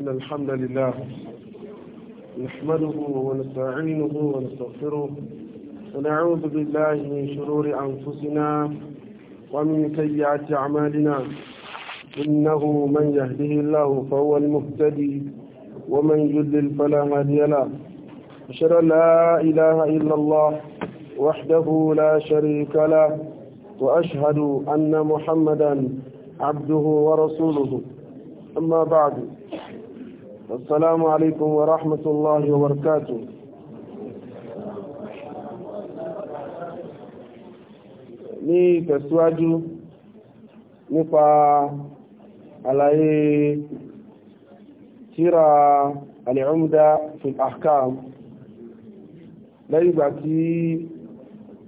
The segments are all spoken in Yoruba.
إن الحمد لله نحمده ونستعينه ونستغفره ونعوذ بالله من شرور أنفسنا ومن سيئات أعمالنا إنه من يهده الله فهو المهتدي ومن يذل فلا هادي له أشهد أن لا إله إلا الله وحده لا شريك له وأشهد أن محمدا عبده ورسوله أما بعد السلام عليكم ورحمة الله وبركاته ní ìtẹ̀síwájú nípa àlàyé tíra al-Umda fi al-Ahkam lẹ́yìn ìgbà tí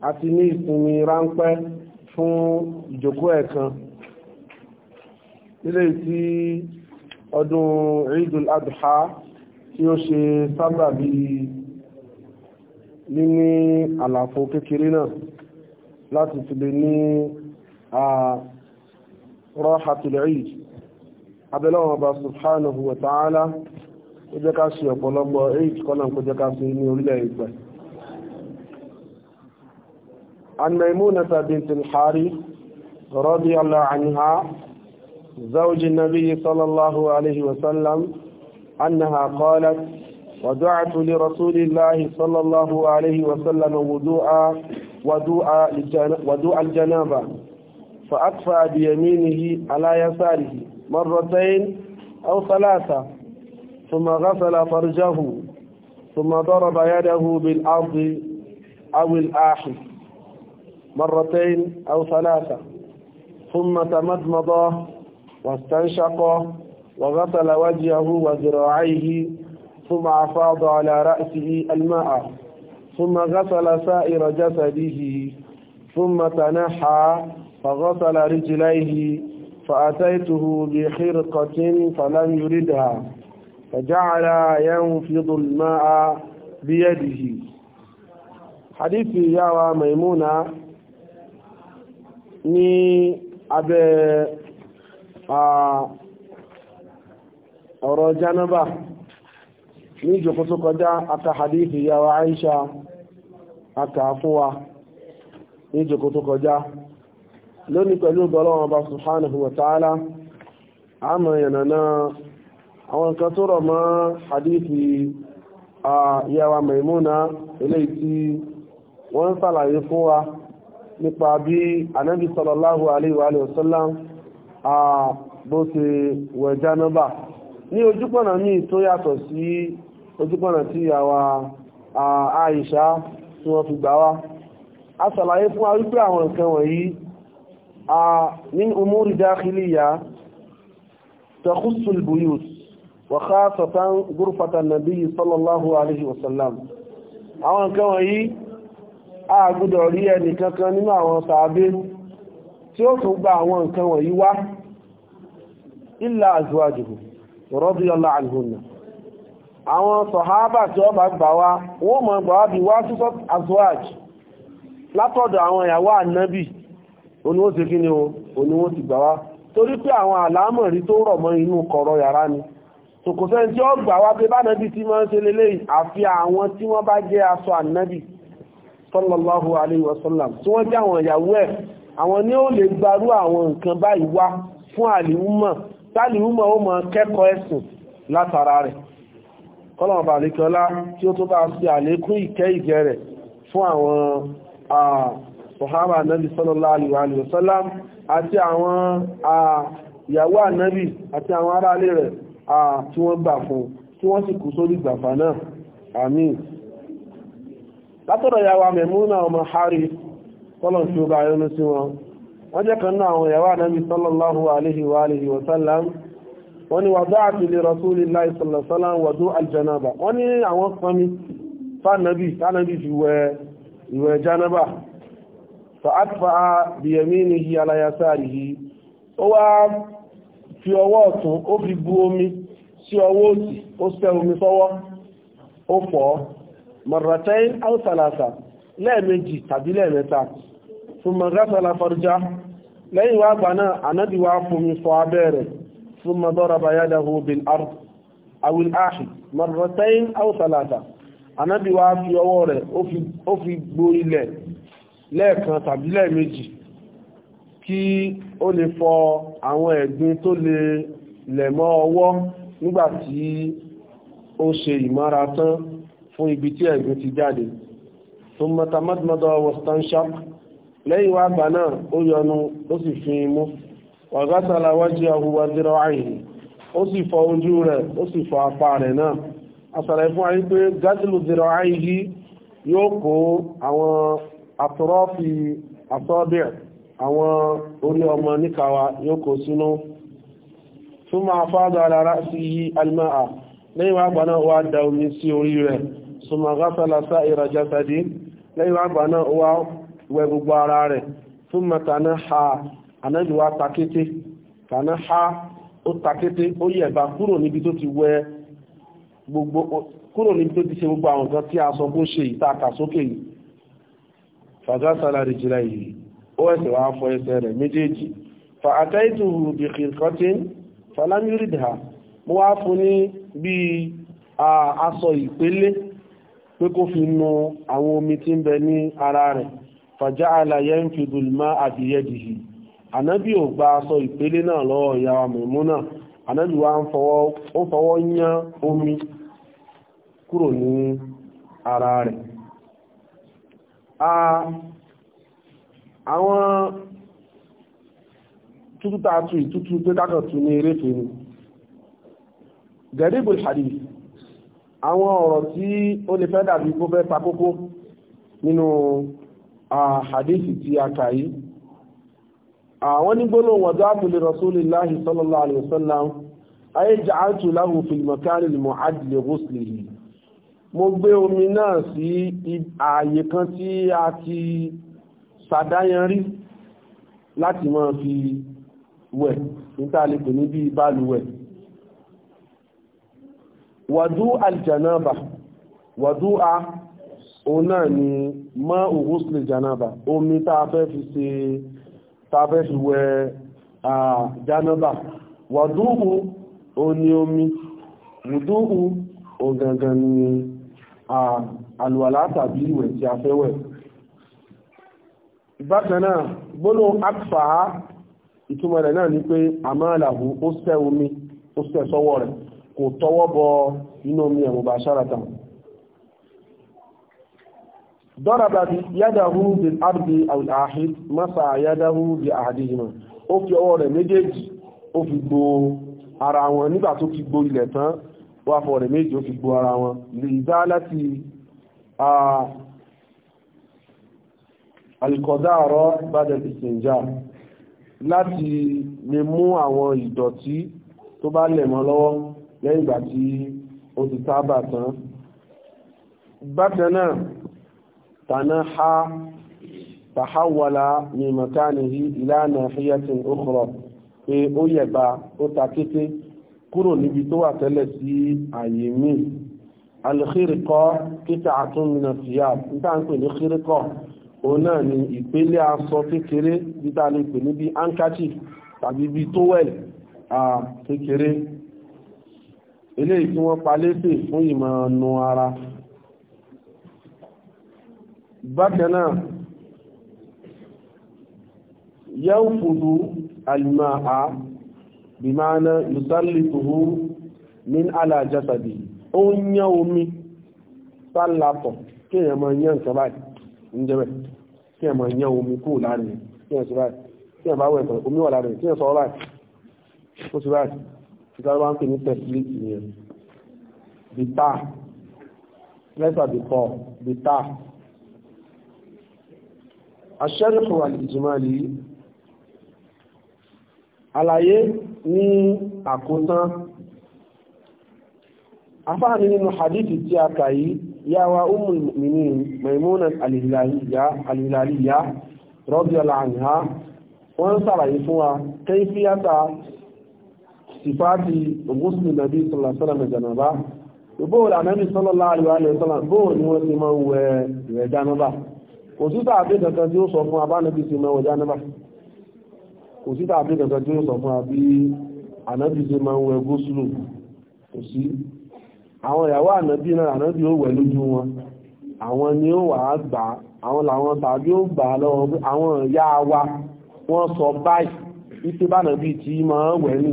a ti ní ìsinmi ráńpẹ́ fún ìjókòó ẹ̀kan nílé tí ọdún Eidul Adha tí ó ṣe sábàbí níní àlàfo kékeré náà láti fi lè ní Rahatul Eid abẹ́lọ́wọ̀n ọba subhanahu wa ta'ala ó jẹ́ ká ṣe ọ̀pọ̀lọpọ̀ Eid kọ́nà kó jẹ́ ká ṣe ní orílẹ̀ ìgbẹ̀ عن ميمونة بنت الحارث رضي الله عنها زوج النبي صلى الله عليه وسلم أنها قالت ودعت لرسول الله صلى الله عليه وسلم ودوء ودوء الجنابة فأكفى بيمينه على يساره مرتين أو ثلاثة ثم غسل فرجه ثم ضرب يده بالأرض أو الآحف مرتين أو ثلاثة ثم تمضمض واستنشق وغسل وجهه وذراعيه ثم أفاض على رأسه الماء ثم غسل سائر جسده ثم تنحى فغسل رجليه فأتيته بخرقة فلم يردها فجعل ينفض الماء بيده حديث يا ميمونة ni abẹ́ ọ̀rọ̀ janaba ní ìjọkọ́ tó kọjá aka hadithi ya wa aisha aka fún wa ní ìjọkọ́ tó kọjá lónìí pẹ̀lú ọgbọ̀lọ́wọ́n bá subhanahu wa ta'ala àmọ́ ìyànàná àwọn nǹkan tó rọ̀ mọ́ hadithi ya wa maimuna eléyìí tí wọ́n ń sàlàyé fún wa nípa bí anábi sallallahu alaihi wa sallam bó ṣe wẹ̀ jánábà ní ojúpọ̀nà míì tó yàtọ̀ sí ojúpọ̀nà tí àwa àìṣá tí wọ́n fi gbà wá a ṣàlàyé fún wa wípé àwọn nǹkan wọ̀nyí ní umúrí dákìlìyà takhussul buyut wa khasatan ghurfatan nabiyyi sallallahu alaihi wasallam àwọn nǹkan a gbọ́dọ̀ rí ẹnìkankan nínú tí ó tún gba àwọn nǹkan wọ̀nyí wá illa azwajuhu radiyallahu anhunna àwọn sọ̀háábà tí ó bá gbà wá wọ́n mọ̀ gbà wá bí wá sísọ́ azwaj látọ̀dọ̀ àwọn ìyàwó ànábì oníwó ti kí ni o oníwó ti gbà wá torí pé àwọn àlámọ̀rí tó rọ̀ mọ́ inú kọ̀rọ̀ yàrá ni tòkòsẹ́ tí ó gbà wá sallallahu alaihi wasallam tí wọ́n jẹ́ àwọn ìyàwó ẹ̀ àwọn ní ó lè gbarú àwọn nǹkan báyìí wá fún àlìúmọ̀ tálìúmọ̀ ó mọ kẹ́kọ̀ọ́ ẹ̀sìn látara rẹ̀ kọ́lọ̀mọ̀ bàríkọlá tí ó tó bá sí àlékún ìkẹ́ ìgẹ́ rẹ̀ fún àwọn sọ̀hábà anábì sallallahu alaihi wa sallam àti àwọn ìyàwó anábì àti àwọn aráalé rẹ̀ tí wọ́n gbà fún tí náà àmín látọ̀dọ̀ Mẹ̀múnà ọmọ Harith kọ́lọ̀n tí ó bá yọ́nú sí wọn wọ́n jẹ́ kan náà àwọn ìyàwó ànábi sallallahu alaihi wa alihi wa sallam wọ́n ni wàdó àti lè rasulillahi sallallahu sallam wàdó aljanaba wọ́n ni àwọn pọnmi fánàbí fánàbí fi wẹ ìwẹ̀ janaba fa atfa biyaminihi ala yasarihi ó wá fi ọwọ́ ọ̀tún ó fi bu omi sí ọwọ́ òsì ó sẹ́ omi sọ́wọ́ ó fọ̀ marratain aw lẹ́ẹ̀mejì tàbí lẹ́ẹ̀mẹ́ta thumma ghasala farja lẹ́yìn wá gbà náà ànábì wá fomi fọ abẹ́ rẹ̀ thumma daraba yadahu bil ard awil ahi marratayn aw thalatha ànábì wá fi ọwọ́ rẹ̀ ó fi gbo ilẹ̀ lẹ́ẹ̀kan tàbí lẹ́ẹ̀mejì kí ó lè fọ àwọn ẹ̀gbin tó lè lẹ̀mọ́ ọwọ́ nígbàtí ó ṣe ìmára tán fún ibi tí ẹ̀gbin ti jáde thumma tamadmada wastanshaq lẹ́yìn wá gbà náà ó yọnu ó sì fi imú wàgásàlà wájú ahuwa dírọ àyìn ó sì fọ ojú rẹ̀ ó sì fọ apá rẹ̀ náà asàlẹ̀ fún ayé pé gátìlù dírọ àyìn yìí yóò kó àwọn àtọ́rọ́fì àtọ́bẹ̀ àwọn orí ọmọ níkàwá yóò kó sínú sí yí lẹ́yìn wá náà wá da omi sí orí rẹ̀ sá ìrajà lẹ́yìn wá náà wá wẹ gbogbo ara rẹ̀ fún mẹ́tàná ha ànábì wa takété tàná ha ó takété ó yẹ̀bá kúrò níbi tó ti wẹ gbogbo kúrò níbi tó ti ṣe gbogbo àwọn nǹkan tí a sọ bó ṣe ìta àkàsókè yìí fàgásàlà rìjìlá yìí ó ẹ̀sẹ̀ wá fọ ẹsẹ̀ rẹ̀ méjèèjì fa àtẹ́ìtù bìkìrìkọ́tín falamírídà mo wá fún ní bí aṣọ ìpélé pé kó fi nu àwọn omi tí ń bẹ ní ara rẹ̀ fàjá àlàyé ń fi dùlmá àbíyẹ́dìhì ànábì ò gba aṣọ ìpele náà lọ́wọ́ ìyá wa Màímúnà ànábì wa ń fọwọ́ yán omi kúrò ní ara rẹ̀ àwọn tútútà tu ìtútù pé dákàtú ní eré fèrè gẹ̀rígbò hadith àwọn ọ̀rọ̀ tí ó lè fẹ́ dàbí kó fẹ́ pa nínú àhàdísì tí a kà yìí àwọn nígbónà wàdáàtù lè rasúlìláhì sallallahu alaihi wasallam ayé jàátù láhù fìlìmọ̀kárì lè àdìlẹ̀ rúsìlì mo gbé omi náà sí ààyè kan tí a ti sàdáyanrí láti máa fi wẹ̀ nítàlẹ́pù níbi ìbálùwẹ̀ wàdú aljanaba wàdú a òun náà ni mọ́ òhúsùlè janaba omi tàà fẹ́ fi ṣe wẹ janaba wàdúhù òun ni omi wùdúhù òun ni àlùwàlá tàbí ìwẹ̀ tí a fẹ́ wẹ̀ bákanáà gbónú akfàá ìtumọ̀ rẹ̀ náà ni pé àmáàlàhù ó sẹ́ omi ó sẹ́ sọ́wọ́ rẹ̀ kò tọwọ́ bọ inú omi ẹ̀mùbà sáratàn dọ́rọ̀bà bí yádáhù bí ardi al-ahid masa yádáhù bí ahadihima ó fi ọwọ́ rẹ̀ méjèèjì ó fi gbo ara wọn nígbà tó fi gbo ilẹ̀ tán wà fọ́ rẹ̀ méjì ó fi gbo ara wọn lè dá láti alìkọ̀dáàrọ̀ bàdẹ̀ ìsìnjá láti lè mú àwọn ìdọ̀tí tó bá lẹ̀ mọ́ lọ́wọ́ lẹ́yìn ìgbà tí ó ti tábà tán bákan تنحى تحول من مكانه إلى ناحية أخرى ó yẹ̀bá ó ta kété kúrò níbi tó wà tẹ́lẹ̀ sí àyè míì alìkírìkọ́ kíta àtúnmìnà fìyà níta ń pè ní kírìkọ́ òun náà ni ìpele aṣọ kékeré níta lè pè níbi ankachi tàbí bí tówẹ̀l kékeré eléyìí tí wọ́n pa lẹ́sẹ̀ fún ìmọ̀ nu ara bákan náà yanfudu alìmáà bí máa ná yusallifuhu min ala jasadi ó ń yán omi sálàpọ̀ kí èèyàn máa yán nǹkan báyìí ń jẹ́ bẹ́ẹ̀ kí èèyàn máa yán omi kúrò láàrin kí èèyàn sí báyìí kí èèyàn bá wẹ̀ tán omi wà láàrin kí èèyàn sọ báyìí الشرح والإجمالي àlàyé ní àkótán afáàní nínú hadithi tí a kà yìí yáwa ummul mu'minin Maimunat al-Hilaliyya radiyallahu anha wọ́n sàlàyé fún wa kayfiyata sifati ghusl nàbí sọ̀lọ̀sọ́lọ̀ mẹ́jànàbá bóòlù ànábì sallallahu alaihi wa sallam bóòlù ni wọ́n ti máa ń wẹ̀ rẹ̀ jánàbá kò sí tàbí kankan tí ó sọ fún abánẹ́bí sí mẹ́wọ̀n jánẹ́bà kò sí tàbí kankan tí ó sọ fún abí ànábì sí mẹ́wọ̀n ẹgbó súlù kò sí àwọn ìyàwó ànábì náà ànábì ó wẹ̀ lójú wọn àwọn ni ó wà á gbà àwọn làwọn tàbí ó gbà lọ́wọ́ àwọn ìyá wa wọ́n sọ báyìí wípé bánàbí tí máa wẹ̀ nì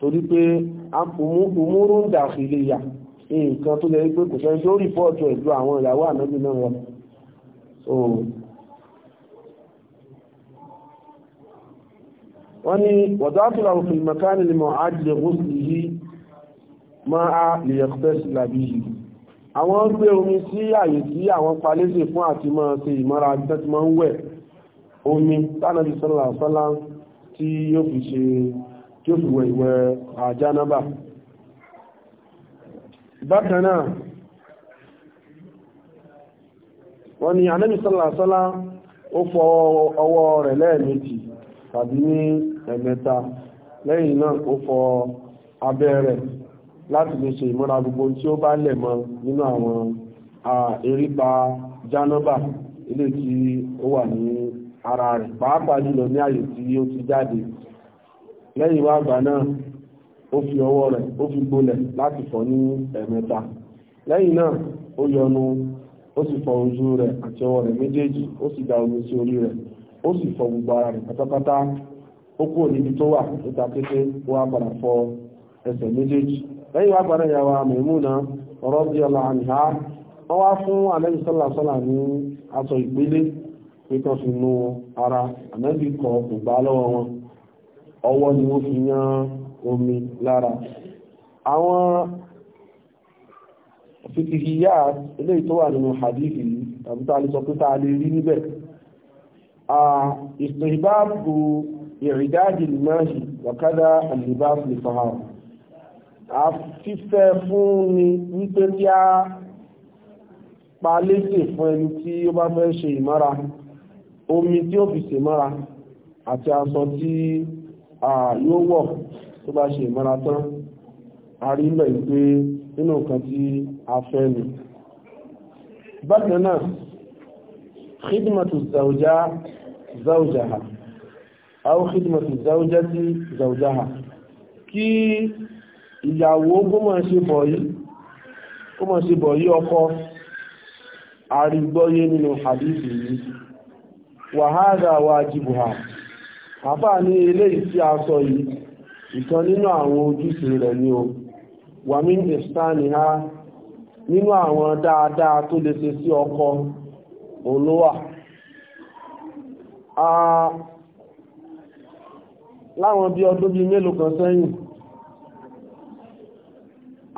torí pé òmúrú ń yà nǹkan tó lè pé kò sẹ́ni tó rìpọ́ọ̀tù ẹ̀dùn àwọn ìyàwó ànábì náà wọn so wọ́n ní wọ̀dátùlà òfin mẹ́kánì lè mọ̀ ájílẹ̀ gúúsùlì yìí máa á lè yẹ̀kùtẹ́sì làbí yìí àwọn ń gbé omi sí àyè tí àwọn palésè fún àti máa ṣe ìmọ́ra tẹ́ ti máa ń wẹ̀ omi tánàbí sọ́lá sọ́lá tí yóò fi ṣe tí ó fi wẹ̀ ìwẹ̀ àjánábà náà wọ́n ní anábì sọ́làsọ́lá ó fọ ọwọ́ rẹ̀ lẹ́ẹ̀mejì tàbí ní ẹ̀mẹ́ta lẹ́yìn náà ó fọ abẹ́ rẹ̀ láti lè ṣe ìmọ́ra gbogbo tí ó bá lẹ̀ mọ́ nínú àwọn erípa jánábà ilé tí ó wà ní ara rẹ̀ pàápàá jùlọ ní àyè tí ó ti jáde lẹ́yìn wá àgbà náà ó fi ọwọ́ rẹ̀ ó fi gbolẹ̀ láti fọ ní ẹ̀mẹ́ta lẹ́yìn náà ó yọnu ó sì fọ ojú rẹ̀ àti ọwọ́ rẹ̀ méjèèjì ó sì da omi sí orí rẹ̀ ó sì fọ gbogbo ara rẹ̀ pátápátá ó kúrò níbi tó wà níta kété ó wá padà fọ ẹsẹ̀ méjèèjì lẹ́yìn wá padà Maimuna radiyallahu anha wọ́n wá fún Ànábì sallallahu alaihi ní aṣọ ìpele fi nu ara kọ kò gbá lọ́wọ́ ni wọ́n yan omi lára àwọn fìtìhìyà eléyìí tó wà nínú hadith yìí tàbí tá a lè sọ pé tá a lè rí níbẹ̀ ìsìnbáàbù ìrìdájì lìmáàṣì wàkádà àlìbáàbù ìfàhà a fífẹ́ fún ni wípé kí a pa léṣe fún ẹni tí ó bá fẹ́ ṣe ìmára omi tí ó fi ṣe mọ́ra àti aṣọ tí yóò wọ̀ tó bá ṣe ìmára tán a rí mẹ́ pé nínú nǹkan tí afẹ́ni bákan náà khidmatu zauja zaujaha aw khidmatu zaujati zaujaha kí ìyàwó gómọ̀ ṣe bọ̀ yìí ó mọ̀ sí bọ̀ yí ọkọ àrígbọ́yé nínú hadithi yìí wàhádà wájìbùhà àbá ní ilé ìsí aṣọ yìí ìkan nínú àwọn ojúṣe rẹ̀ ni o wà ìsáni ha nínú àwọn dáadáa tó lè ṣe sí ọkọ òun ló wà láwọn bí ọdún bíi mélòó kan sẹ́yìn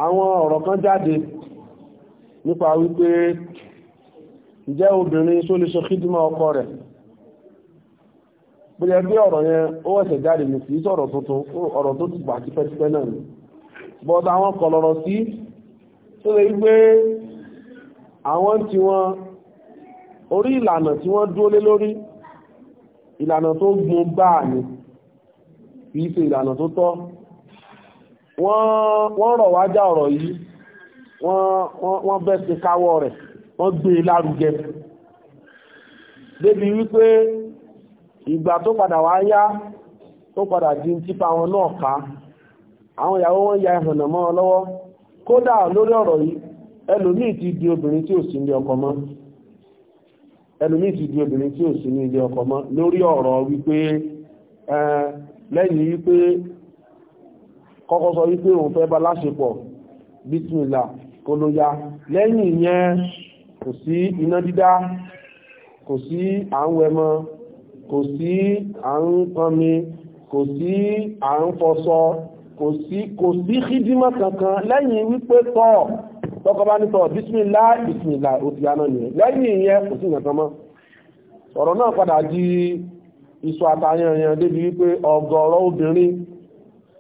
àwọn ọ̀rọ̀ kan jáde nípa wípé ǹjẹ́ obìnrin tó lè ṣe kídímọ̀ ọkọ rẹ̀ bóyá bí ọ̀rọ̀ yẹn ó wẹ̀sẹ̀ jáde nìkì sọ̀rọ̀ tuntun ọ̀rọ̀ tó ti gbà tipẹ́tipẹ́ náà ni bọ́ta àwọn kọlọ̀rọ̀ sí tó lè gbé àwọn tí wọ́n orí ìlànà tí wọ́n dúró lé lórí ìlànà tó gbọ́n gbáà ni kìí ṣe ìlànà tó tọ́ wọ́n rọ̀ wá já ọ̀rọ̀ yìí wọ́n bẹ́ ti káwọ́ rẹ̀ wọ́n gbé e lárugẹ débi wípé ìgbà tó padà wá yá tó padà di típa wọn náà ká àwọn ìyàwó wọn ya ìhànnà mọ́ ọ lọ́wọ́ kódà lórí ọ̀rọ̀ yìí ẹlòmíì ti di obìnrin tí ò sí ní ọkọ mọ́ ẹlòmíì ti di obìnrin tí ò sí ní ilé ọkọ̀ mọ́ lórí ọ̀rọ̀ wípé lẹ́yìn wípé kọ́kọ́ sọ wípé òun fẹ́ bá láṣepọ̀ bitimila kó ló yá lẹ́yìn ìyẹn kò sí iná dídá kò sí à ń wẹmọ kò sí à ń pọnmi kò sí à ń fọṣọ kò sí kò sí hídímọ̀ kankan lẹ́yìn wípé tọ́ tọ́kọ bá ní tọ́ bísmìlá bísmìlá òtí àná nìyẹn lẹ́yìn ìyẹn kò sí nǹkan mọ́ ọ̀rọ̀ náà padà di iṣu àtàyàn yẹn débi wípé ọ̀gọ̀ọ̀rọ̀ obìnrin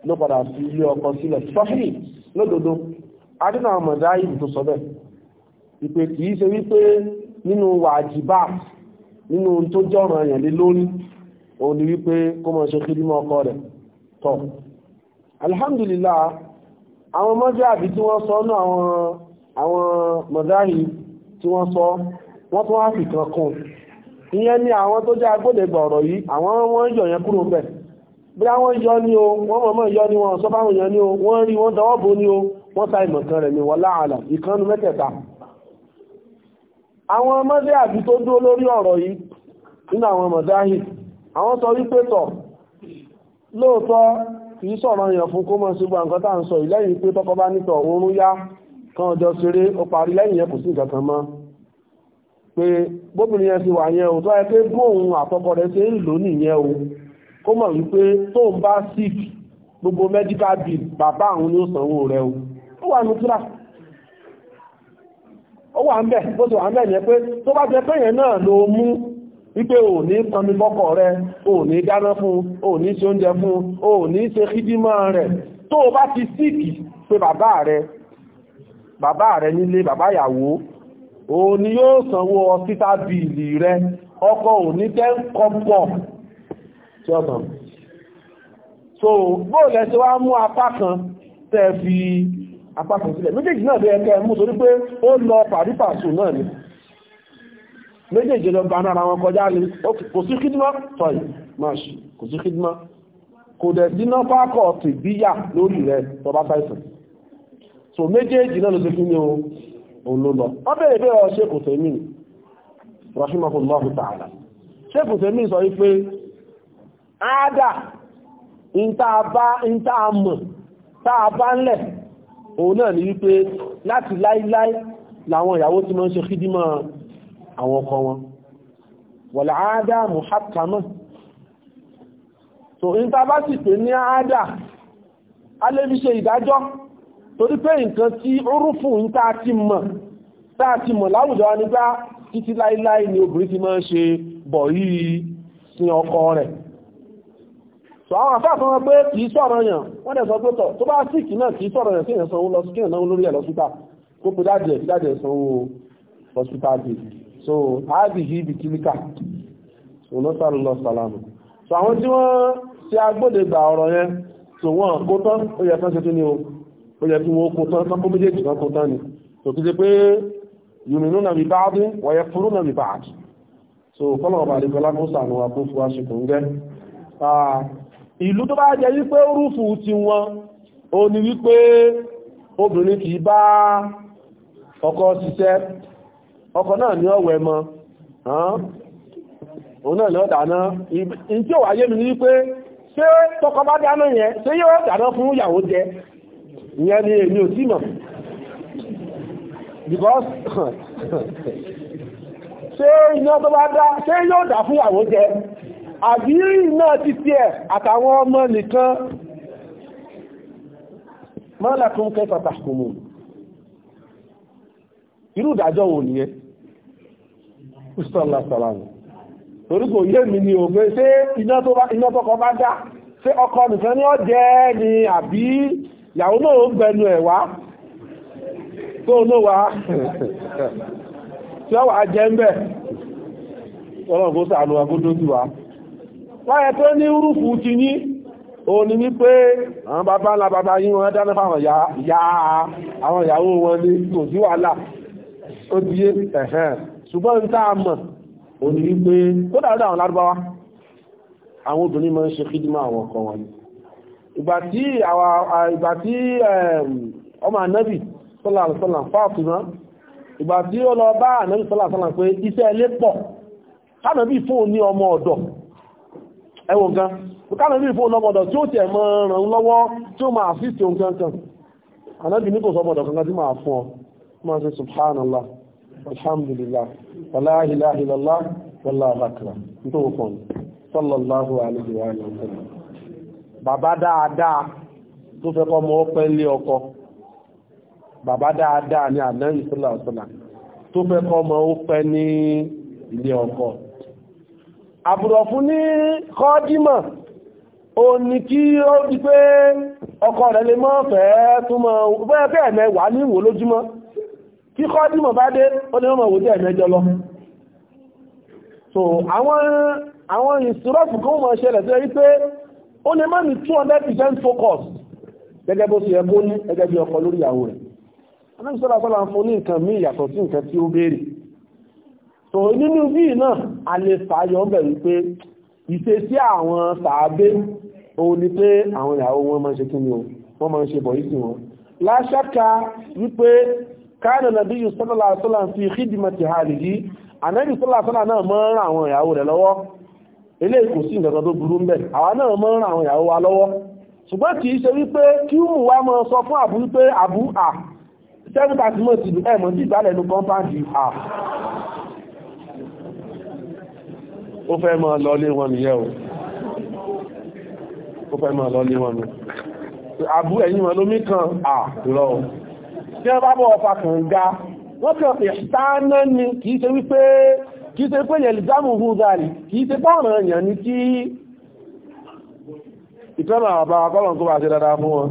ló padà fi ilé ọkọ sílẹ̀ sọ́hìn lódodo adínà àmọ̀dá ìbù tó sọ bẹ́ẹ̀ ìpè kì í ṣe wípé nínú wàjìbá nínú tó jọ̀ràn yẹn ni wípé kó mọ̀ ṣe kí ọkọ alhamdulillah àwọn mọ́jáàbí tí wọ́n sọ náà àwọn mọ̀dáhì tí wọ́n sọ wọ́n tún wá fìkan kún ìyẹn ni àwọn tó jẹ́ agbódegbà ọ̀rọ̀ yìí àwọn wọ́n yọ yẹn kúrò bẹ̀ bí àwọn yọ ni o wọ́n mọ̀mọ́ yọ ni wọ́n sọ fáwọn yẹn ni o wọ́n rí wọ́n dọwọ́ bo ni o wọ́n sa ìmọ̀ kan rẹ̀ ní wọ́n láàlà ìkànnù mẹ́tẹ̀ẹ̀ta àwọn mọ́jáàbí tó dúró lórí ọ̀rọ̀ yìí nínú àwọn mọ̀dáhì àwọn sọ wípé tọ̀ lóòótọ́ kì sọ̀rọ̀ èèyàn fún kó mọ̀ sí gbogbo nǹkan tá ń sọ ìlẹ́yìn pé tọ́kọ bá nítọ̀ oorun yá kan ọjọ́ ṣeré ó parí lẹ́yìn yẹn kò sí nǹkan mọ́ pé bóbìnrin yẹn ti wà yẹn o tó yẹ pé bóun àtọkọ rẹ̀ ṣe ń lò nìyẹn o kó mọ̀ wípé tóun bá sick gbogbo medical bill bàbá àwọn ni ó sanwó rẹ̀ o ó wà nùtúrà ó wà ń bẹ̀ bó ti wà ń bẹ̀ yẹn pé tó bá jẹ pé yẹn náà ló mú wípé ò ní pọnmi bọ́kọ̀ rẹ ò ní dáná fún ò ní ṣe oúnjẹ fún ò ní ṣe kídímọ́ rẹ̀ tó o bá ti síìkì pé bàbá rẹ bàbá rẹ nílé bàbá ìyàwó ò ní yóò sanwó ọsítà bìlì rẹ ọkọ ò ní tẹ́ kọ́pọ̀ tí ó sàn so bóò lẹ́sẹ̀ wá mú apá kan tẹ́ fi apá kan sílẹ̀ méjèèjì náà bẹ́ẹ̀ kẹ́ mú torí pé ó lọ pàrípàṣù náà ni méjèèjì lọ bá nára wọn kọjá ní kò sí kìdímọ́ tọ́yì máṣì kò sí kìdímọ́ kò dẹ̀ dínà pákọ̀ tì bíyà lórí rẹ̀ tọba sáìsàn so méjèèjì náà ló ti kíni òun ló lọ wọ́n bèèrè bèèrè ọ ṣékù tèmi rahimahullahu ta'ala ṣékù tèmi sọ wípé áádà ìntààmọ̀ tààbá ńlẹ̀ òun náà ní wípé láti láíláí làwọn ìyàwó ti máa ń ṣe kìdímọ́ àwọn ọkọ wọn wọ̀lá àádá muhammad so in ta bá sì pè ní àádá a lè fi ṣe ìdájọ́ torí pé nǹkan tí ó rúfù ń tá ti mọ̀ tá ti mọ̀ láwùjọ nígbà títí láíláí ni obìnrin ti máa ṣe bọ̀ yìí sí ọkọ rẹ̀ so àwọn àfáàfán wọn pé kì í sọ̀rọ̀ yàn wọ́n dẹ̀ sọ pé tọ̀ tó bá síkì náà kì í sọ̀rọ̀ yàn sí ìrìnsanwó lọ sí kí ìrìnsanwó lórí ẹ̀ lọ́sítà kó pe dájẹ̀ dájẹ̀ sanwó lọ́sítà dèjì so hábìhì ibi kílíkà so lọ́sàrù lọ sàlámù so àwọn tí wọ́n ṣe agbódegbà ọ̀rọ̀ yẹn so wọ́n kó tán ó yẹ kán ṣe kí ni o ó yẹ kí wọ́n kó tán tán kó méjèèjì kan kó tán ni so kí ṣe pé yùmínú nàbí báàdì wọ̀nyẹ fúrú nàbí báàdì so kọ́nà ọba àdìgbọ́lá kó sànù wa kó fún aṣèkò ń gẹ́ ìlú tó bá jẹ́ wípé rúfù ti wọn ó ní wípé obìnrin kì í bá ọkọ ṣiṣẹ́ ọkọ náà ni ọwẹ́ mọ́ òun náà ni ọ dáná in tí ó wáyé mi ní pé ṣé tọkọ bá dáná yẹn ṣé yóò dáná fún ìyàwó jẹ ìyẹn ni èmi ò sí mọ̀ because ṣé iná tó bá dá ṣé yóò dá fún ìyàwó jẹ àbí iná ti tiẹ̀ àtàwọn ọmọ nìkan mọ́lákún kẹfà tàkùnmù irú ìdájọ́ wo nìyẹn ìsọ́lá sàlámù torí kò yé mi ni ò pé ṣé iná tọ́kọ bá dá ṣé ọkọ nìkan ni ó jẹ́ ni àbí ìyàwó náà ń bẹnu ẹ̀ wá tó ló wá tí ó wà jẹ́ ń bẹ̀ ọlọ́run kó sàánú agbódó sí wa láyé tó ní rúfù ti yí o ni wípé àwọn bàbá ńlá bàbá yí wọn dáná fáwọn ìyá àwọn ìyàwó wọn ní kò sí wàhálà ó di yé ṣùgbọ́n tá a mọ̀ ò ó dàrú àwọn lárúbáwá àwọn obìnrin máa ń ṣe kídímọ̀ àwọn ọkọ wọn ìgbà tí ọmọ ànábì sọ́là sọ́là Fátímà ìgbà tí ó lọ bá ànábì sọ́là sọ́là pé iṣẹ́ ilé pọ̀ kánàbí ní ọmọ ọ̀dọ̀ gan kánàbí ọ̀dọ̀ tí ó tẹ̀ mọ́ ràn lọ́wọ́ tí ó máa fi tí ó ń kankan ní kò ọ̀dọ̀ kankan tí máa fún ọ máa ṣe subhanallah alhamdulillah wàlá ilaha illallah wallahu tó fọ́n ní ànáyì sallallahu ní kọ́dímọ̀ ó ní kí ó di pé ọkọ rẹ̀ lè mọ́ fẹ́ tó mọ́ bẹ́ẹ̀ bẹ́ẹ̀ mẹ́wàá ní ìwò lójúmọ́ tí kọ́ tí mọ̀ bá dé ó ní ẹ̀mẹ́jọ lọ so àwọn ìsúrọ́fù kó mọ̀ ṣẹlẹ̀ tó rí pé ó ní mọ́ ní 200% focus gẹ́gẹ́ bó ti yẹ kó ní gẹ́gẹ́ bí ọkọ lórí ìyàwó rẹ̀ anábìsọ́lá fún ní nǹkan mí ìyàtọ̀ sí so ni pé àwọn ìyàwó wọn máa ń ṣe kí ni o wọ́n máa ń ṣe bọ̀ yìí sí wọn láṣáka wípé káàdà nàbí sallallahu alaihi wasallam fi khidmati hàlìyí ànábì sallallahu alaihi wasallam náà mọ́ ń ràn àwọn ìyàwó rẹ̀ lọ́wọ́ eléyìí kò sí nǹkan tó burú mbẹ̀ àwa náà mọ́ ń ràn àwọn ìyàwó wa lọ́wọ́ ṣùgbọ́n kì í ṣe wípé kí ó wá mọ́ sọ fún àbú wípé àbú à seven thirty mọ̀ sí ẹ̀mọ̀ sí tí wọ́n bá bọ̀ ọ̀fà kànga wọ́n kàn fi ṣáánà ni kìí ṣe wípé kìí ṣe pé yẹ̀lìdámù húzàlì kìí ṣe pọ́ọ̀rọ̀ èèyàn ní kí ìtọ́nà àbá akọ́lọ̀ tó bá ṣe dáadáa fún wọn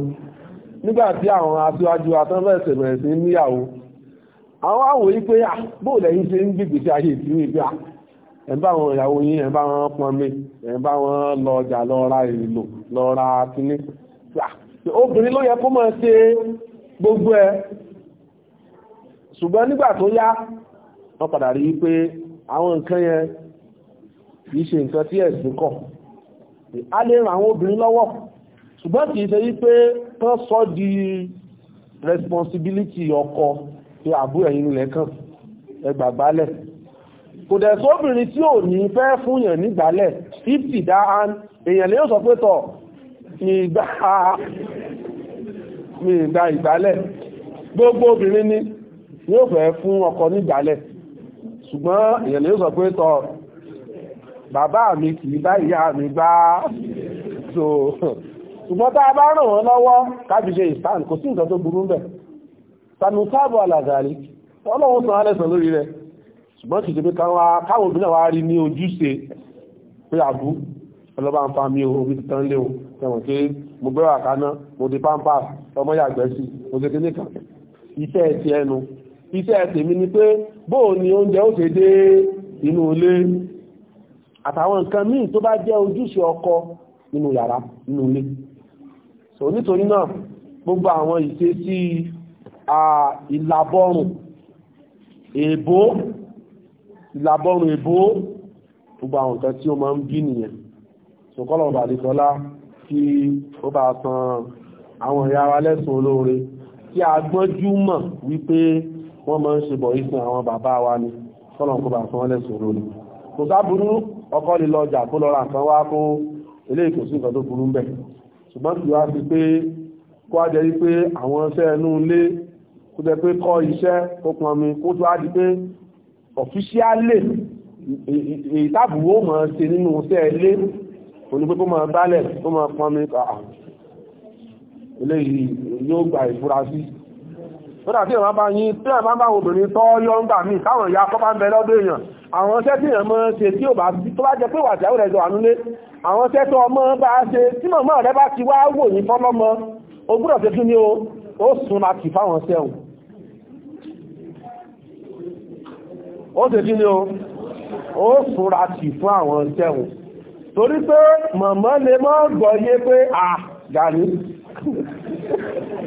nígbà tí àwọn aṣíwájú atọ́fẹ́sẹ̀ bẹ̀rẹ̀ sí níyàwó àwọn àwò yí pé bóòlẹ̀ yí ṣe ń gbègbè sí ayé ìtìrí ìgbà ẹ̀bá àwọn ìyàwó yín ẹ̀bá wọn pọn mi ẹ̀bá wọn lọ ọjà lọ ra ìlò lọ ra kíní obìnrin ló yẹ kó máa ṣe gbogbo ẹ ṣùgbọ́n nígbà tó yá wọ́n padà rí pé àwọn nǹkan yẹn kìí ṣe nǹkan tí ẹ̀sìn kọ̀ a lè ran àwọn obìnrin lọ́wọ́ ṣùgbọ́n kìí ṣe wípé tán sọ di responsibility ọkọ tí àbú ẹ̀yìn ilẹ̀ kan ẹgbàgbálẹ̀ kò dẹ̀ sóbìnrin tí ò ní fẹ́ fún yàn nígbàlẹ̀ fifty dá án èèyàn lè sọ pé tọ̀ mi gbogbo obìnrin ni yóò fẹ́ fún ọkọ nígbàlẹ̀ ṣùgbọ́n èèyàn lè sọ pé tọ bàbá mi kì í bá ìyá mi gbá so ṣùgbọ́n tá a bá ràn wọ́n lọ́wọ́ kábi ṣe ìsàn kò sí nǹkan tó burú ń bẹ̀ sanu sáàbọ̀ alàzàrí ọlọ́run sàn alẹ́sàn lórí rẹ̀ ṣùgbọ́n ti tẹ́bí káwọn obìnrin wá rí ní ojúṣe pé àbú ọlọ́bà ń fa mi orí tán lé o tẹ̀wọ̀n pé mo gbẹ́wà kaná mo di pampas ọmọ yàgbẹ́ sí mo ti kíní kan iṣẹ́ ti ẹnu iṣẹ́ tèmi ni pé bóò ni oúnjẹ ó ṣe dé inú ilé àtàwọn nǹkan míì tó bá jẹ́ ojúṣe ọkọ nínú yàrá nínú ilé so nítorí náà gbogbo àwọn ìṣe sí ìlàbọrùn èbó ìlàbọrùn èbó gbogbo àwọn nǹkan tí ó máa ń bí nìyẹn so kọ́lọ̀ bàdìsọ́lá kí ó bá san àwọn ìyá wa lẹ́sùn olóore kí a gbọ́njú mọ̀ wípé wọ́n máa ń ṣe bọ̀ ìsìn àwọn bàbá wa ni kọ́lọ̀kọ́ bá fún ọlẹ́ sọ̀rọ̀ ni kò sáburú ọkọ́ lè lọ ọjà kó lọ́ra kan wá kó ilé ìkòsí nǹkan tó burú ń bẹ̀ ṣùgbọ́n kì wá sí pé kó wájẹ́ rí pé àwọn iṣẹ́ inú ilé kó jẹ́ pé kọ́ iṣẹ́ kó pọn mi kó tó wájú pé ọ̀fíṣíálè ìtàbùwò máa ṣe nínú iṣẹ́ ilé òní pé kó máa gbálẹ̀ kó máa pọn mi eléyìí yóò gba ìfurasí lọ́dà tí ìwọ̀n bá yín tí ẹ̀ bá obìnrin tọ́ yọ́ǹgbà míì táwọn ìyá akọ́ bá ń bẹ lọ́dọ̀ èèyàn àwọn ọṣẹ́ tí èèyàn ṣe tí ó bá tó bá jẹ pé wà jáwé rẹ̀ jọ ànúlé àwọn ọṣẹ́ tó ọmọ bá ṣe tí màmá rẹ̀ bá ti wá wò yín fọ́lọ́mọ o gbúdọ̀ ṣe kí ni ó sun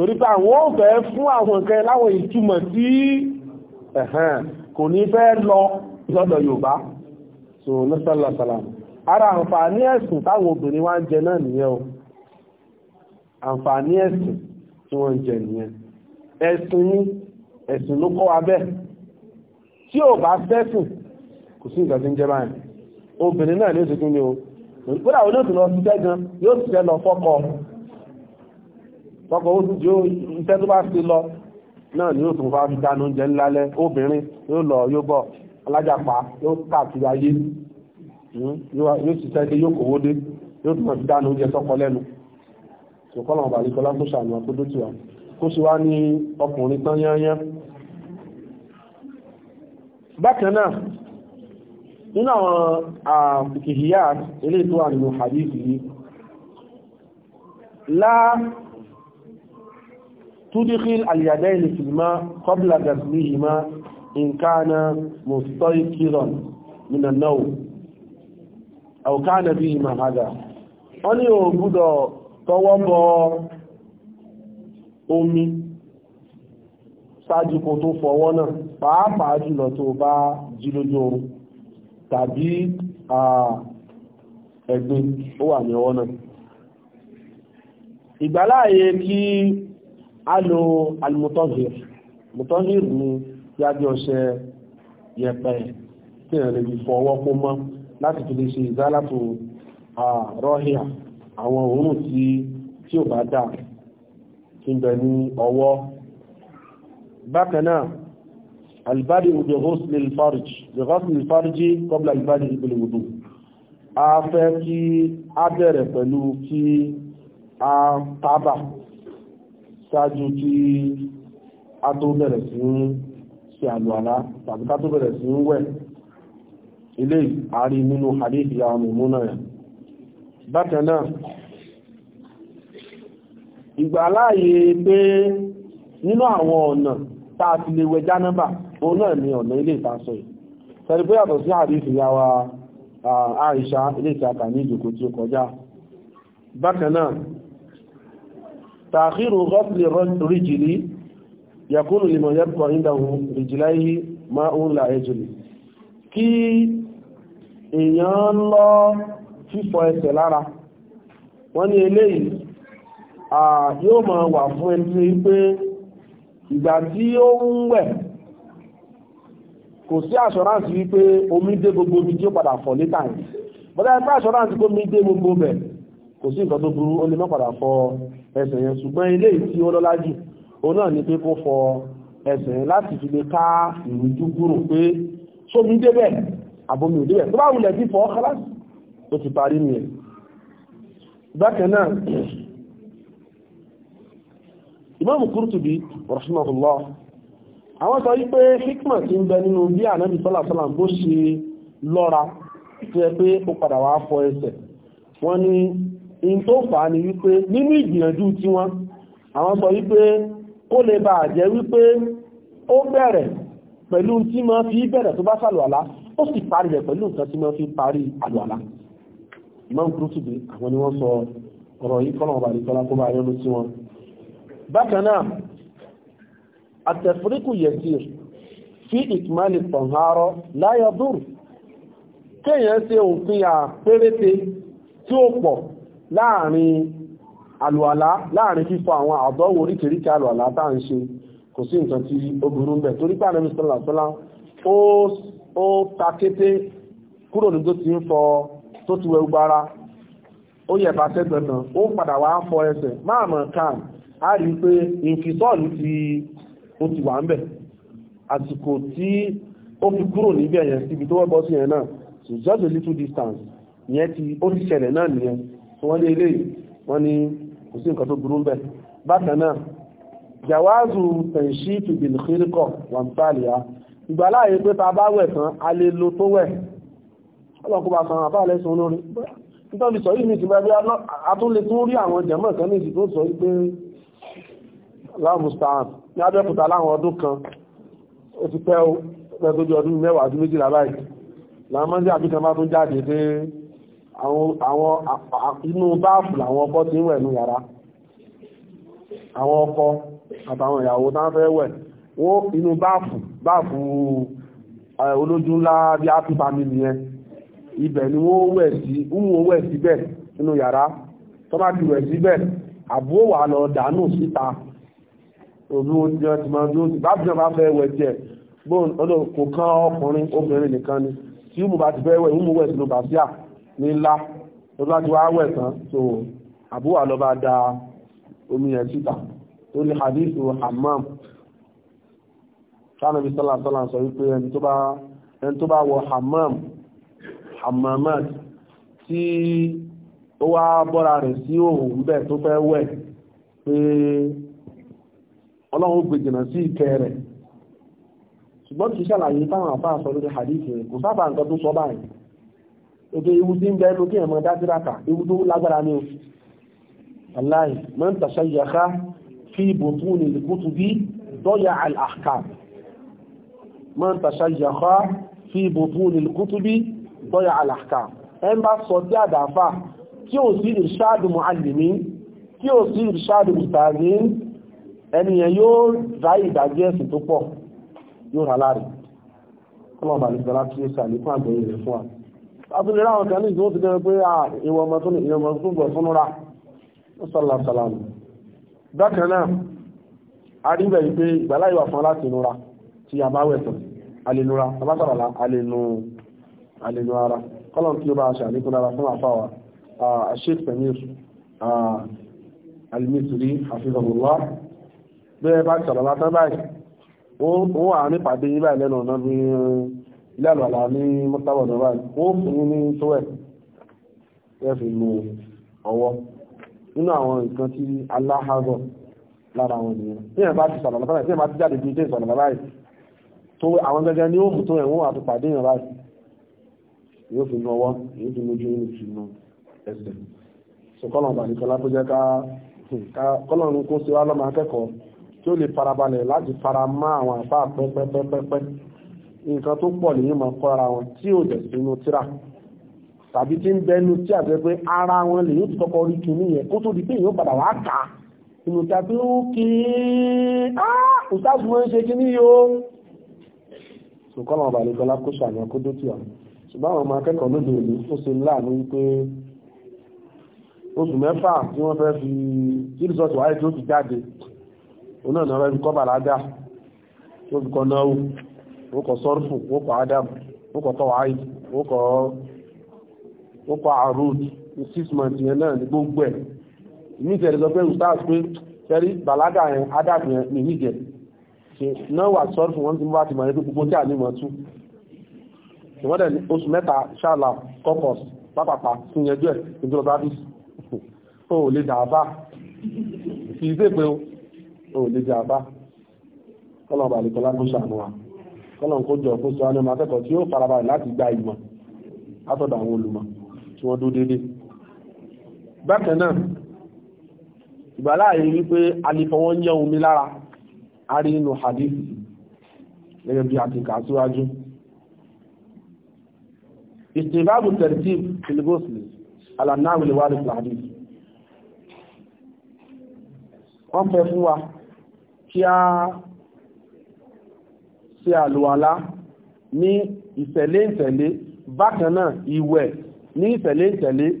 torí pé àwọn ò fẹ́ fún àwọn nǹkan láwọn ìtumọ̀ tí ẹ̀hàn kò ní fẹ́ lọ lọ́dọ̀ Yorùbá so nọ́sàlá sàlám ara àǹfààní ẹ̀sìn táwọn obìnrin wá ń jẹ náà nìyẹn o àǹfààní ẹ̀sìn tí wọ́n ń jẹ nìyẹn ẹ̀sìn ni ẹ̀sìn ló kọ́ wa bẹ́ẹ̀ tí ò bá fẹ́sìn kò sí nǹkan tí ń jẹ báyìí obìnrin náà ní oṣù kí ni o kódà olóòtú lọ sí jẹ́ gan yóò sì fẹ́ tọkọ̀ ó sì jó iṣẹ́ tó bá ti lọ náà ni yóò tún fa dáná oúnjẹ ńlálẹ́ obìnrin yóò lọ yóò bọ̀ alájàpá yóò káàkiri ayé hmm, yóò ṣiṣẹ́ dé yóò kówó dé yóò tún fi dáná oúnjẹ tọkọ lẹ́nu ṣùkọ́lọ̀ ọba àríkọlá kó ṣàánú àkójọ tiwa kó sì wá ní ọkùnrin tán yányán bákan náà nínú àwọn àfikìhìyà eléètò àrùn hadith yìí láà tudkhil al-yadayni fil ma' qabla ghaslihima in kana mustayqiran min an-nawm aw kana bihima hadha wọ́n ní o gbọ́dọ̀ tọwọ́ bọ omi ṣáájú kó tó fọwọ́ náà pàápàá jùlọ tó bá jí lójú oorun tàbí ẹ̀gbin ó wà ní ọwọ́ náà ìgbàláàyè kí a lo alimutọ́hìr mutọ́hìr ni yájú ọṣẹ yẹpẹ tí èèyàn lè fi fọ ọwọ́ pó mọ́ láti fi lè ṣe ìzálàtò rọ́hìà àwọn òórùn tí tí ò bá dà tí ń bẹ ní ọwọ́ bákan náà albadi ubi ghusl al-farj bi ghusl al-farj qabla albadi bil wudu a fẹ́ kí a bẹ̀rẹ̀ pẹ̀lú kí a tábà ṣáájú kí a tó bẹ̀rẹ̀ sí ń ṣe àlùwàlá tàbí ká tó bẹ̀rẹ̀ sí ń wẹ̀ ilé àárí nínú hadith ya mùmúnà rẹ̀ bákan náà ìgbà láàyè pé nínú àwọn ọ̀nà tá a ti lè wẹ̀ jánábà òun náà ni ọ̀nà ilé ìtasọ̀ yìí tẹ́lẹ̀ pé yàtọ̀ sí hadith ya wa Àìṣà ilé ìtakà ní ìjòkó tí ó kọjá bákan náà tààkìrù gọ́pìlì ríjìlì yakúnù lèmọ̀ yẹ́pọ̀ ìdáhùn ríjìláyé máa ń la ẹjùlì kí èèyàn lọ fífọ ẹsẹ̀ lára wọ́n ní eléyìí yóò máa wà fún ẹni pé ìgbà tí ó ń wẹ̀ kò sí assurance wípé omi dé gbogbo omi tí ó padà fọ̀ níta yìí bọ́dá ẹgbẹ́ assurance kó mi dé gbogbo bẹ̀ kò sí nǹkan tó burú ó lè má padà fọ ẹsẹ̀ yẹn ṣùgbọ́n eléyìí tí ó lọ́lá jù òun náà ni pé kó fọ ẹsẹ̀ yẹn láti fi lè ká ìrújú kúrò pé sómi débẹ̀ àbomi ò débẹ̀ tó bá wulẹ̀ bí fọ́ kálá ó ti parí nìyẹn bákan náà Imam Qurtubi rahimahullah àwọn sọ wípé hikma ti ń bẹ nínú bí ànábì sọ́là sọ́là bó ṣe lọ́ra tó yẹ pé ó padà wá fọ ẹsẹ̀ wọ́n ní in tó fà á ni wípé nínú ìgbìyànjú tí wọ́n àwọn sọ wípé kó lè bá jẹ́ wípé ó bẹ̀rẹ̀ pẹ̀lú tí mọ́ fi bẹ̀rẹ̀ tó bá sàlùwàlá ó sì parí rẹ̀ pẹ̀lú nǹkan tí mọ́ fi parí àlùwàlá imam kúrúsùgbé àwọn ni wọ́n sọ ọ̀rọ̀ yìí kọ́nà ọba tí ó pọ̀ láàrin àlùwàlá láàrin fífọ àwọn àdọ́wò oríkèríkè àlùwàlá tá à ń ṣe kò sí nǹkan tí ó burú ń bẹ̀ torí pé àrẹ́mí sọ́lá sọ́lá ó ta kété kúrò ní tó ti ń fọ tó ti wẹ gbára ó yẹ bá sẹ́gbẹ̀ náà ó padà wá fọ ẹsẹ̀ máa kan á rí pé ìfisọ́ọ̀lù ti wà ń bẹ̀ àsìkò tí ó fi kúrò níbẹ̀ yẹn síbi tó wọ́pọ̀ sí yẹn náà so just a little distance yẹn ti ó ti ṣẹlẹ̀ náà nìyẹn wọ́n ní eléyìí wọ́n ní kò sí nǹkan tó burú ń bẹ̀ bákan náà jàwáàzù tẹ̀síìtù bìlìkìrìkọ̀ wà ń pàlìyà ìgbàláyé pé ta bá wẹ̀ tán a lè lo tó wẹ̀ ọlọ́kùnbà kan àbá lẹ́sùn olórí nítorí sọ yìí ní ti bẹ́ẹ̀ bí atúnlé tún rí àwọn jẹ̀mọ́ kan ní ìsìn tó sọ pé láàmùsàn àwọn inú báàfù làwọn ọkọ ti ń wẹ̀ ní yàrá àwọn ọkọ àtàwọn ìyàwó tá fẹ́ wẹ̀ wọ́n inú báàfù báàfù olójú ńlá bí a fi pami nìyẹn ibẹ̀ ni wọ́n wẹ̀ sí wọ́n nínú yàrá tó bá ti wẹ̀ síbẹ̀ àbúrò wà lọ dànù síta òun ti máa dúró nílá tó bá ti wá wẹ̀ tán so àbúwà lọ bá da omi yẹn síta tó ní hadithu hammam sanabi sọ́là sọ́là sọ wípé ẹni tó bá ẹni tó bá wọ hammam hammamat tí ó wá bọ́ra rẹ̀ sí òun bẹ́ẹ̀ tó fẹ́ wẹ̀ pé ọlọ́run gbèjìnà sí ìkẹ́ rẹ̀ ṣùgbọ́n kì í ṣàlàyé táwọn àfáà sọ lórí hadith rẹ̀ kò sábà nǹkan tó sọ báyìí ètò ewu tí ń bẹ ẹnu kí ẹ̀mọ́ dájúráka ewu tó lágbára ní o aláì man tashayyaha fi butuni al-kutubi dọ́yà al-ahkam man tashayyaha fi butuni al-kutubi dọ́yà al-ahkam ẹ bá sọ tí àdáfà tí ó sí ìrṣáàdù mu'allimi tí ó sí ìrṣáàdù mùsàárín ẹniyàn yóò rá ìdájẹ́ ẹ̀sìn tó pọ̀ yóò rà láàrin ọlọ́ọ̀bà nìgbàlá kí ó sàlẹ̀ fún àgbẹ̀yìn fún àmì àtúnlẹ̀ ráwọn kan ní ìjọ ti dẹ̀rẹ̀ pé à ah, ìwọ̀n ọmọ tó ní ìyọmọ tó bọ̀ súnúra sọ́làsàlàmù bákan náà a rí bẹ̀rẹ̀ pé ìgbàlá ìwà fún láti nura tí a bá wẹ̀tọ̀ alìnura abátàràlá alìnu ara kọ́lọ̀ kí ó bá aṣà nípò lára fún àfáwà Sheikh Samir Al-Misri hafizahullah bẹ́ẹ̀ bá sọ̀rọ̀ látọ́ báyìí ó wà nípàdé ilé àlọ́lá ní mọ́tàbọ̀ náà báyìí ó fún ní tówẹ̀ ẹ fi lu ọwọ́ nínú àwọn nǹkan tí aláhàgọ̀ lára àwọn ènìyàn tí èèyàn bá ti sàlọ̀ lọ́pàá tí èèyàn bá ti jáde bíi tí èèyàn sàlọ̀ báyìí tó àwọn gẹ́gẹ́ ní òòmù tó ẹ̀wọ̀n àti pàdé èèyàn báyìí yóò fi nu ọwọ́ yóò fi lójú yóò fi nu ẹsẹ̀ so kọ́lọ̀ bàdí kọ́lá tó jẹ́ ká kọ́lọ̀ ń kó sí wa lọ́mọ akẹ́kọ̀ọ́ tí ó lè farabalẹ̀ láti fara mọ́ àwọn àpá pẹ́pẹ́pẹ́pẹ́ nǹkan tó pọ̀ lèyìn mọ̀ kọ́ra wọn tí ò dẹ̀ sínú tíra tàbí tí ń bẹnu tí àti pé ara wọn lèyìn tó kọ́kọ́ rí kinní yẹn kó tó di pé èèyàn padà wàá kà á inú tàbí ó kí ọ̀sáàsùn ṣe kinní yóò ṣùkọ́nà ọba nìkan lákóṣà ní akódó tí àwọn ṣùgbọ́n àwọn ọmọ akẹ́kọ̀ọ́ lóde òní ó ṣe láàánú wípé oṣù mẹ́fà tí wọ́n fẹ́ fi ìrìsọ́ọ̀tì wáyé tí ó fi jáde òun náà náà fẹ́ fi kọ́ bàlágà tó fi kọ́ náà orúkọ sọ́rfù orúkọ adam orúkọ tọ́wàáì orúkọ àrùd six months yẹn náà ní gbogbo ẹ̀ ní ìjẹ̀rẹ̀ sọ pé ustaz pé fẹ́rí bàlágà yẹn adam yẹn ní ìjẹ̀ ṣe náà wà sọ́rfù wọn ti mú bá ti mọ̀ ẹgbẹ́ gbogbo tí a ní mọ̀ tú ìwọ́n dẹ̀ oṣù mẹ́ta ṣáàlà kọ́kọ̀s pápápá fún yẹjú ẹ̀ ìjọba bá bí ó lè dàbá kì í sí pé ó lè dàbá kọ́lọ̀ bàlẹ̀ kọ́lá tó ṣàánú kọ́lọ̀n kó jọ kó sọ ánà máa kẹ́kọ̀ọ́ tí ó farabalẹ̀ láti gba ìmọ̀ látọ̀dọ̀ àwọn olùmọ̀ tí wọ́n dúró dédé bákan náà ìgbàláàrí wípé a lè fọwọ́ yẹ́ omi lára a rí hadithi gẹ́gẹ́ bí àti wọ́n fẹ́ fún wa kí a ṣe àlùwàlá ní ìtẹ̀lé bákan náà ìwẹ̀ ní ìtẹ̀lé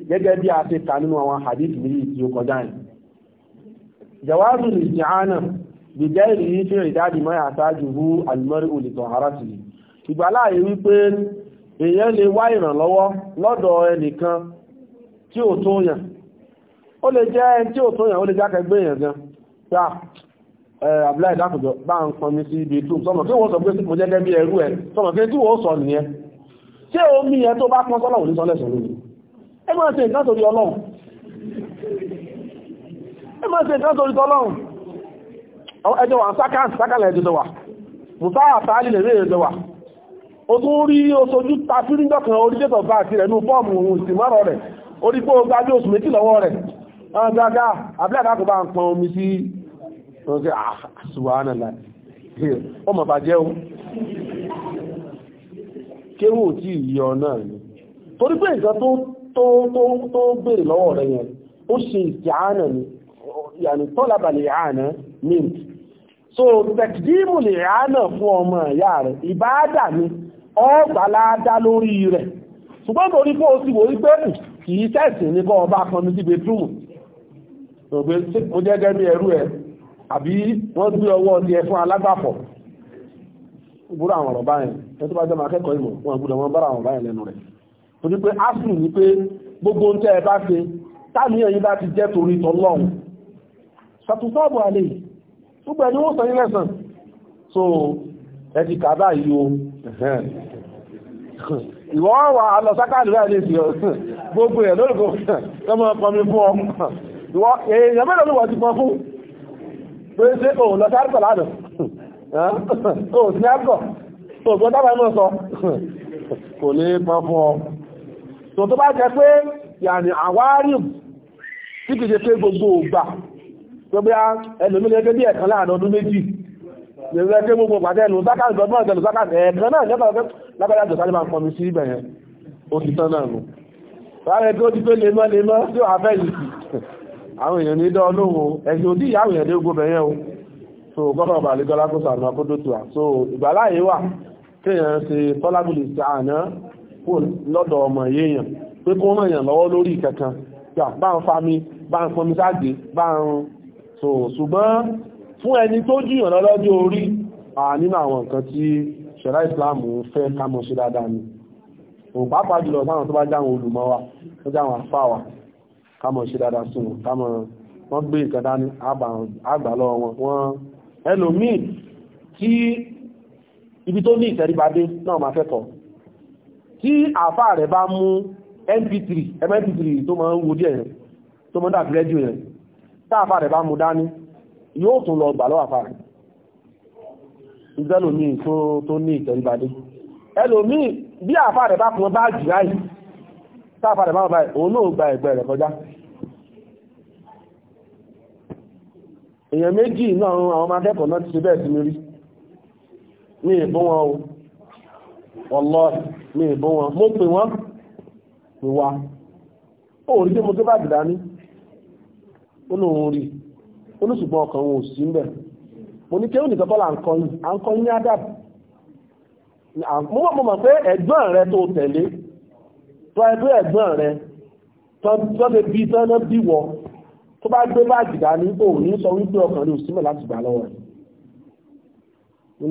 gẹ́gẹ́ bí a ti kà nínú àwọn hadith méjì tí ó kọjá yìí jawazu isti'ana bi ghairi fi idadi ma yahtajuhu al-mar'u li taharatihi ìgbàláyé wípé èèyàn lè wá ìrànlọ́wọ́ lọ́dọ̀ ẹnìkan tí ò tó yàn ó lè jẹ́ tí ò tó yàn ó lè jákẹgbé èèyàn gan Eh, abúláì dákùjọ bá ń pọn mi sí ibi tó sọmọ tí wọ́n sọ pé mo jẹ́gẹ́ bí ẹrú ẹ sọmọ pé tí wọ́n sọ nìyẹn ṣé omi yẹn tó bá pọn sọ́lọ̀ òní sọ́lẹ̀ sọ́lẹ̀ ẹ máa ṣe nǹkan torí ọlọ́run ẹ máa ṣe nǹkan torí ọlọ́run ẹjọ́ wà sákàǹtì sákàǹtì ẹjọ́ wà mùsá àtàlì lè rí ẹjọ́ wà ó tún rí oṣojú tafíríndọ̀kan orílẹ̀-èdè bá àti rẹ̀ ní fọ́ọ̀mù ìsìnmọ́rọ̀ rẹ̀ orí pé ó gbájú oṣù méjì lọ́wọ́ rẹ̀ ọ̀gágá abúlé àdákùnbá ń pọn omi sí tó ṣe àṣùwánàlá ọmọ bàjẹ́ o kéwò tí ìyọ náà ni torí pé ìgbà tó tó béèrè lọ́wọ́ rẹ̀ yẹn ó ṣe ìsìáànà ni yàní ni ọgbàládá lórí ní kọ́ ọba kan jẹ́gẹ́ bí ẹrú ẹ̀ àbí wọ́n gbé ọwọ́ ti ẹ̀ fún alágbàfọ̀ gbúrò àwọn ọ̀rọ̀ báyìí ẹ tó bá jẹ́ máa kẹ́kọ̀ọ́ ìmọ̀ wọn gbúdọ̀ wọn bára àwọn báyìí lẹ́nu rẹ̀ tó ní pé asùn ní pé gbogbo ń tẹ́ ẹ bá ṣe táníyàn yìí bá ti jẹ́ torí tọlọ́run pé ṣé òun lọ sárkọ̀ lánàá ó sí sárkọ̀ tó gbọ́n dábàá náà sọ kò lè mọ fún ọ tó tó bá jẹ pé yàní àwárí tí kìí ṣe pé gbogbo ògbà tó bí ẹlòmílẹ́gbẹ́ bí ẹ̀kan láàrin ọdún méjì lẹ́gbẹ́ pé gbogbo pàtẹ́ ẹnu sákàtì gbọ́dọ̀ ẹ̀tẹ̀lù sákàtì ẹ̀ẹ̀kan náà lẹ́gbẹ́ lágbàdá jọ sáré máa pọ̀ mi sí ibẹ̀ yẹn ó ti tán náà nù. Láàrẹ̀ tó ti pé lemọ́ lemọ́ tí ó àwọn èèyàn ní dán lóhun ẹ̀sìn òdí ìyáwó èèyàn dégó bẹ̀yẹn o so gbọ́dọ̀ ọba àlejọ́lá kó sàánú akódótó à so ìgbàláyé wà kéèyàn ṣe tọ́lábùlì sàánà kó lọ́dọ̀ ọmọ yéèyàn pé kó ràn yàn lọ́wọ́ lórí kankan gbà bá ń fa mi bá ń pọnmi sáàgbé bá ń so ṣùgbọ́n fún ẹni tó jùyàn lọ́lọ́jọ́ orí nínú àwọn nǹkan tí ṣẹ̀rá ìsìláàmù fẹ́ ká mọ̀ ṣe dáadáa ni òun pàápàá jùlọ sáwọn tó bá jáwọn olùmọ̀ wa tó jáwọn àfáà wa kámọ̀ ṣe dáadáa sí wọn kámọ̀ wọ́n gbé nǹkan dání àgbàlọ́ wọn wọ́n ẹlòmíì tí ibi tó ní ìtẹríbadé náà máa fẹ́ tọ̀ tí àfá rẹ̀ bá mú mp3 mp3 tó máa ń wo díẹ̀ yẹn tó máa ń dà gírẹ́jù yẹn tá àfá rẹ̀ bá mú dání yóò tún lọ gbà àfá rẹ̀ ẹlòmíì bí àfá rẹ̀ bá pọn báàgì ráyìí táàpadà bá báyìí òun náà gba ẹ̀gbẹ́ rẹ̀ kọjá èèyàn méjì náà àwọn ọmọ akẹ́kọ̀ọ́ náà ti ṣe bẹ́ẹ̀ sí mi rí mi ìbọn wọn o ọlọ́ mi ìbọn wọn mo pè wọ́n pè wá ó rí pé mo tó bá dìdá ní ó lóun rí ó ní ṣùgbọ́n ọkàn òun ò sí ń bẹ̀ mo ní kéwòn nìkan bọ́lá àǹkọ́yìn àǹkọ́yìn ní ádàbù mo mọ̀ tọ́ ẹgbẹ́ ẹ̀gbọ́n rẹ tọ́ lè bí tọ́nà bí wọ tó bá gbé báàgì dání òun ní sọ wípé ọkàn ní òsínmọ̀ láti gbà lọ́wọ́ rẹ̀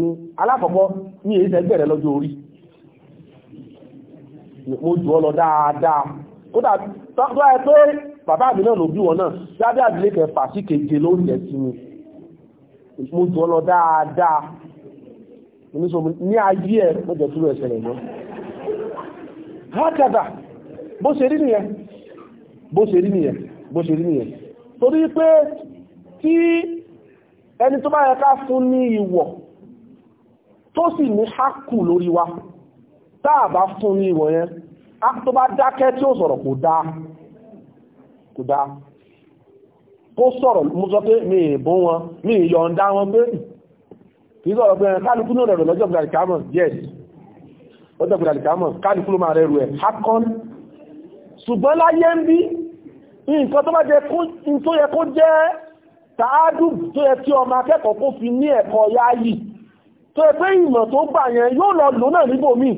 ní alákọ̀ọ́kọ́ ní èyí tẹ́gbẹ́ rẹ lọ́jọ́ orí mo jù ọ lọ dáadáa kódà tọ́ ẹ pé bàbá mi náà ló bí wọn náà lábẹ́ àdílé kẹfà sí keje ló ń jẹ sí mi mo jù ọ lọ dáadáa ní ayé ẹ mo jẹ túrò ẹsẹ̀ rẹ̀ náà hákàdà bó ṣe rí nìyẹn bó ṣe rí nìyẹn bó ṣe rí nìyẹn torí pé tí ẹni tó bá yẹ ká fún ní ìwọ̀ tó sì ní hákù lórí wa táà bá fún ní ìwọ̀ yẹn tó bá dákẹ́ tí ó sọ̀rọ̀ kò dáa kò dáa kó sọ̀rọ̀ mú sọ pé mi ìbó wọn mi ìyọ̀ǹda wọn pé kì sọ̀rọ̀ pé kálukú ní ọ̀rọ̀ lọ́jọ́ ìgbà ìkámọ̀ yes ọjọ́ ìpínlẹ̀ àlìkàmọ̀ kálukú ló máa rẹ̀ rù ẹ̀ hakọ́n ṣùgbọ́n láyé ń bí nǹkan tó bá jẹ tó yẹ kó jẹ́ tààdù tó yẹ tí ọmọ akẹ́kọ̀ọ́ kó fi ní ẹ̀kọ́ yáyì tó yẹ pé ìmọ̀ tó gbà yẹn yóò lọ lò náà ni wọ́n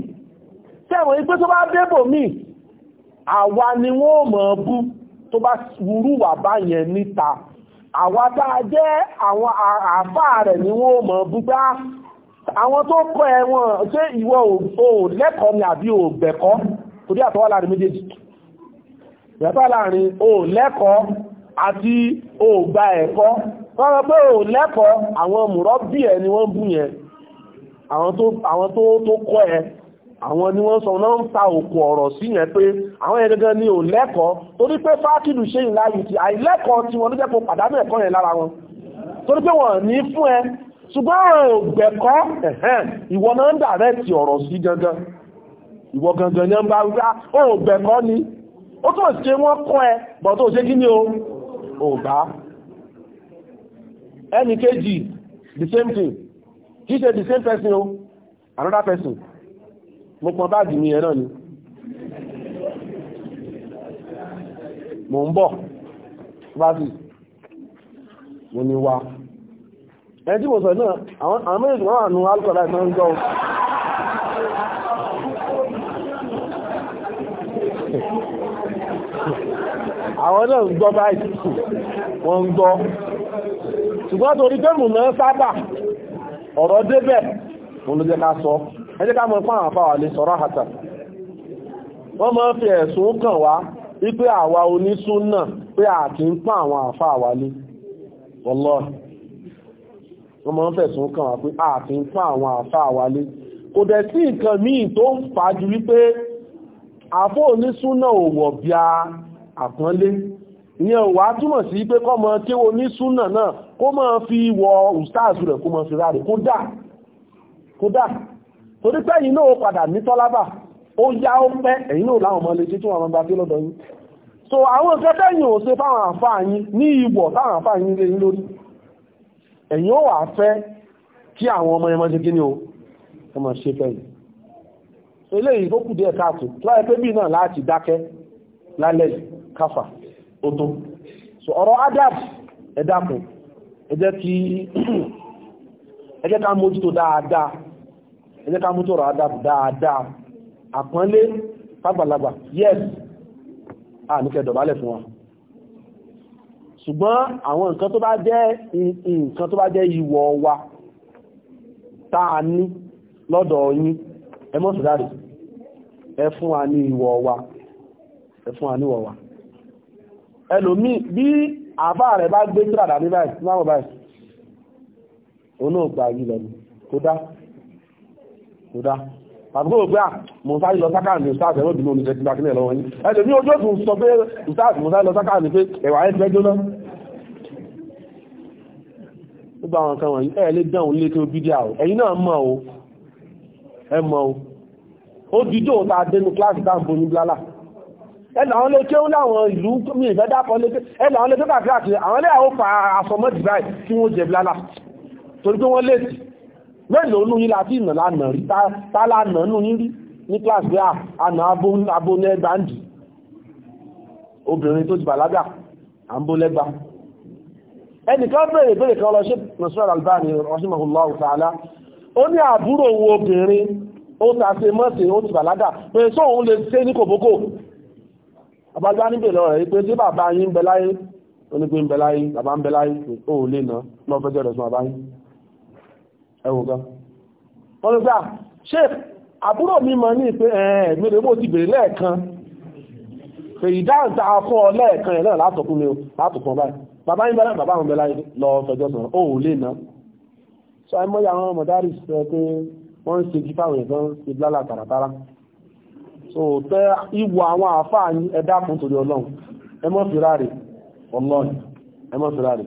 àwọn tó kọ́ ẹ̀wọ̀n ṣé ìwọ ò lẹ́kọ̀ọ́ ni àbí ò gbẹ̀kọ́ torí àtọwà láàrin méjèèjì ìyàtọ̀ láàrin ò lẹ́kọ̀ọ́ àti ò gba ẹ̀kọ́ wọ́n rọ pé ò lẹ́kọ̀ọ́ àwọn mùrọ́ bí ẹ̀ ni wọ́n bú yẹn àwọn tó kọ́ ẹ àwọn ni wọ́n sọ náà ń ta òkú ọ̀rọ̀ sí yẹn pé àwọn yẹn gangan ni ò lẹ́kọ̀ọ́ torí pé fákìlù ṣe ìlàyìí ti àìlẹ́kọ̀ọ́ tí wọ́n ló jẹ́ kó pàdánù ẹ̀kọ́ yẹn lára wọn torí pé wọ́n ní fún ẹ ṣùgbọ́n ògbẹ̀kọ́ ìwọ náà ń dàrẹ́tì ọ̀rọ̀ sí gangan ìwọ gangan ní ọmọ àwúgbà ah, ògbẹ̀kọ́ ni ó tó ṣe wọ́n kọ́ ẹ bọ̀ tó ṣe kí ni o ògbà ẹni kéjì the same thing kì í ṣe the same person o another person mo pọn báàgì mi ẹ̀rọ ni mo ń bọ̀ bá sì mo ni wa ẹni tí mo sọ náà àwọn méjì wọ́n ànú alkọ̀lá ìtàn ń gọ́ àwọn náà ń gbọ́ báyìí wọ́n ń gbọ́ ṣùgbọ́n torí pẹ́mù náà sábà ọ̀rọ̀ débẹ̀ sọ ẹ jẹ́ ká mọ̀ fún sọ̀rọ̀ àtà wọ́n fi ẹ̀sùn kàn wá àwa náà pé àwọn wallahi wọ́n máa ń fẹ̀sùn kàn wá pé ààfin fún àwọn àfá wálé kò dẹ̀ sí nǹkan míì tó ń fà á ju wípé àfó onísúnà ò bíá àpọ́nlé ìyẹn ò wá sí pé kọ́mọ tí onísúnà náà kó máa fi wọ ustaazu rẹ̀ kó máa fi ráre kódà kódà torí pé ẹ̀yin náà ó padà ní tọ́lábà ó yá ó pẹ́ ẹ̀yin náà láwọn ọmọ lẹ́jẹ́ tí wọ́n bá dé lọ́dọ̀ yín so àwọn kẹ́kẹ́ yìí ò ṣe fáwọn àǹfààní ní ìwọ̀ táwọn àǹfààní lé lórí ẹ̀yin ó wà fẹ́ kí àwọn ọmọ ẹmọ́ ṣe kí ni o ọmọ ṣe fẹ́yìn eléyìí tó kù díẹ̀ káàtù láyé pé bí náà láti dákẹ́ lálẹ́ káfà ó so ọ̀rọ̀ adab ẹ dákun ẹ jẹ́ kí ẹ jẹ́ ká mójútó dáadáa ẹ jẹ́ ká mójútó adab dáadáa àpọ́nlé fàgbàlagbà yes a ní kẹ́ dọ̀bálẹ̀ fún wa ṣùgbọ́n àwọn nǹkan tó bá jẹ́ nǹkan tó bá jẹ́ ìwọ̀ wa táa ní lọ́dọ̀ yín ẹ mọ́ sùdárì ẹ fún wa ní ìwọ̀ wa ẹ fún wa ní ìwọ̀ wa ẹlòmíì bí àbá rẹ̀ bá gbé tíràdà ní báyìí àbúkò pé à mo sáré lọ sáká ní ìsáàsì ẹ̀rọ ìdùnnú oníṣẹ́ ti gbàkínlẹ̀ lọ́wọ́ yìí ẹ̀sẹ̀ ní ojú òfin sọ pé ìsáàsì mo sáré lọ sáká ní pé ẹ̀wà ẹ̀ jóná nígbà àwọn kan wọ̀nyí ẹ̀ lè dáhùn lé kí bídí àwọ̀ ẹ̀yin náà mọ̀ o ẹ mọ̀ o ó dídò ta dénú kíláàsì dáàbò ní blálà ẹ̀nà àwọn lékè ó láwọn ìlú mi ìfẹ́ mẹ́lòó nú yín láti ìnà lánà rí tá lánà nú yín rí ní kíláàsì àná abónẹ́gbàndì obìnrin tó ti bàlágà àbólẹ́gbà ẹnìkan bèèrè bèèrè kan lọ ṣe Nasir Al-Albani rahimahullahu ta'ala ó ní àbúrò wo obìnrin ó tàṣe mọ́sẹ̀ ó ti bàlágà pé sóhun lè ṣe ní kòbókò àbájá níbẹ̀ lọ rẹ̀ pé tí bàbá yín ń bẹ láyé ó ní pé ń bẹ láyé bàbá ń bẹ láyé ó lè ná lọ́fẹ́jọ́ rẹ̀ sún bàbá yín ẹwù gan wọ́n ló gbà ṣe àbúrò mi mọ̀ ní pé ẹ̀ẹ̀mí rẹ̀ mo ti bèrè lẹ́ẹ̀kan pé ìdáhùn tá a fún ọ lẹ́ẹ̀kan yẹn náà látọ̀kún mi o látọ̀kún báyìí bàbá yín bẹ́lẹ̀ bàbá àwọn bẹ́lá lọ fẹjọ́ sọ̀rọ̀ ó ò lè náà sọ ẹ mọ́yà àwọn mọ̀dárì sọ pé wọ́n ń ṣegi fáwọn ẹ̀gbọ́n ṣe blálà tààràtàrà so tẹ ìwọ àwọn àfáà ẹ̀dá fún torí ọlọ́run ẹ mọ́ fìrà rè ọlọ́run ẹ mọ́ fìrà rè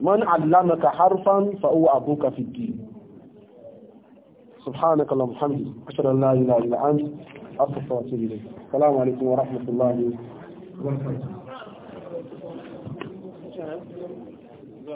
من علمك حرفا فهو أبوك في الدين سبحانك اللهم وبحمدك أشهد أن لا إله إلا أنت أستغفرك وأتوب إليك السلام عليكم ورحمة الله وبركاته